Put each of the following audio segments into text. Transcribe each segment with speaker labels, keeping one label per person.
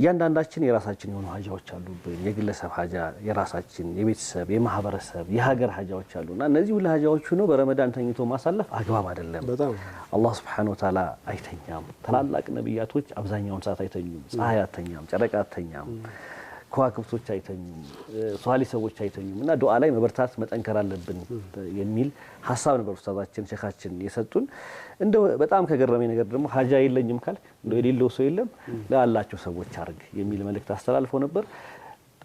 Speaker 1: እያንዳንዳችን የራሳችን የሆኑ ሀጃዎች አሉብን። የግለሰብ ሀጃ፣ የራሳችን፣ የቤተሰብ፣ የማህበረሰብ፣ የሀገር ሀጃዎች እና እነዚህ ሁሉ ሀጃዎች ሆኖ በረመዳን ተኝቶ ማሳለፍ አግባብ አይደለም። አላህ ስብሐነሁ ወተዓላ አይተኛም። ታላላቅ ነቢያቶች አብዛኛውን ሰዓት አይተኙም። ፀሐይ አተኛም፣ ጨረቃ አተኛም። ከዋክብቶች አይተኙም፣ ሷሊ ሰዎች አይተኙም እና ዱዓ ላይ መበርታት መጠንከር አለብን የሚል ሀሳብ ነበር ኡስታዛችን ሸካችን የሰጡን። እንደው በጣም ከገረመኝ ነገር ደግሞ ሀጃ የለኝም ካል እንደው የሌለው ሰው የለም ላላቸው ሰዎች አርግ የሚል መልእክት አስተላልፎ ነበር።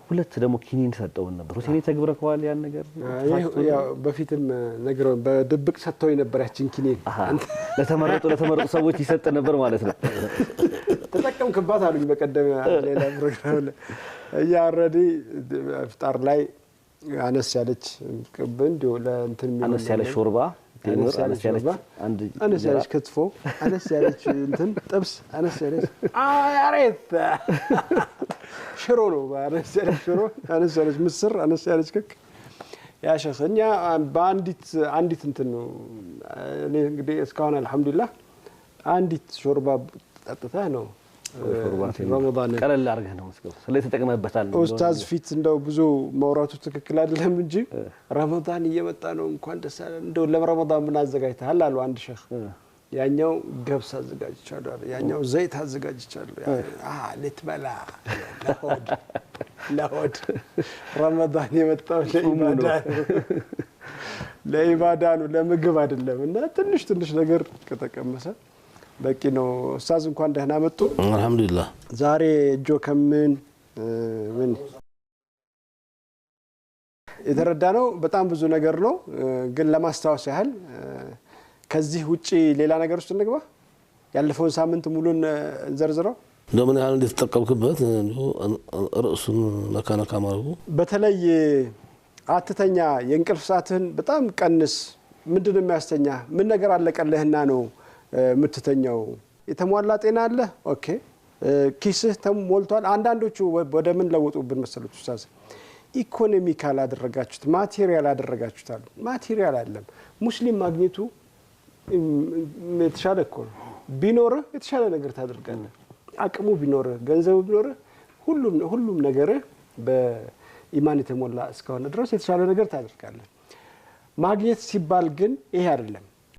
Speaker 1: ሁለት ደግሞ ኪኒን ሰጠውን ነበር። ሁሴን ተግብረከዋል ያን ነገር
Speaker 2: በፊትም ነግረውን በድብቅ ሰጥተው የነበር ያችን ኪኒን
Speaker 1: ለተመረጡ ለተመረጡ ሰዎች ይሰጥ ነበር ማለት ነው።
Speaker 2: ተጠቀምክባት አሉኝ በቀደም ሌላ ፕሮግራም እያረዲ ፍጣር ላይ አነስ ያለች ቅብ እንዲሁ ለእንትን
Speaker 1: አነስ ያለች ሾርባ
Speaker 2: አነስ ያለች ክትፎ፣ አነስ ያለች እንትን ጥብስ፣ አነስ ያለች አሬት ሽሮ ነው። አነስ ያለች ሽሮ፣ አነስ ያለች ምስር፣ አነስ ያለች ክክ ያሸስ እኛ በአንዲት አንዲት እንትን ነው እኔ እንግዲህ እስካሁን አልሐምዱሊላህ አንዲት ሾርባ ጠጥተህ ነው
Speaker 1: ቀለል አድርገህ ነው ተጠቅመበታል።
Speaker 2: ኡስታዝ ፊት እንደው ብዙ መውራቱ ትክክል አይደለም እንጂ ረመዳን እየመጣ ነው እንኳን ደስ እንደው ለረመዳን ምን አዘጋጅተሃል አሉ አንድ ያኛው ገብስ አዘጋጅቻለሁ፣ ያኛው ዘይት አዘጋጅቻለሁ። ልትበላ ለሆድ ረመዳን የመጣው ለኢባዳ ለኢባዳ ነው ለምግብ አይደለም። እና ትንሽ ትንሽ ነገር ከተቀመሰ በቂ ነው። እስታዝ እንኳን ደህና መጡ። አልሐምዱሊላህ ዛሬ እጆ ከምን ምን የተረዳ ነው በጣም ብዙ ነገር ነው። ግን ለማስታወስ ያህል ከዚህ ውጭ ሌላ ነገር ውስጥ እንግባ። ያለፈውን ሳምንት ሙሉን ዘርዝረው
Speaker 1: እንደምን ያህል እንደተጠቀምክበት ርእሱን ነካነካ ማድረጉ
Speaker 2: በተለይ አትተኛ፣ የእንቅልፍ ሰዓትህን በጣም ቀንስ። ምንድን ነው የሚያስተኛ ምን ነገር አለቀልህና ነው የምትተኛው? የተሟላ ጤና አለ? ኦኬ ኪስህ ተሞልቷል? አንዳንዶቹ ወደ ምን ለወጡብን መሰሎች ውሳሴ ኢኮኖሚካል አደረጋችሁት ማቴሪያል አደረጋችሁት አሉ። ማቴሪያል አለም ሙስሊም ማግኘቱ የተሻለ እኮ ነው። ቢኖርህ የተሻለ ነገር ታደርጋለህ። አቅሙ ቢኖርህ ገንዘቡ ቢኖርህ ሁሉም ነገርህ በኢማን የተሞላ እስከሆነ ድረስ የተሻለ ነገር ታደርጋለህ። ማግኘት ሲባል ግን ይሄ አይደለም።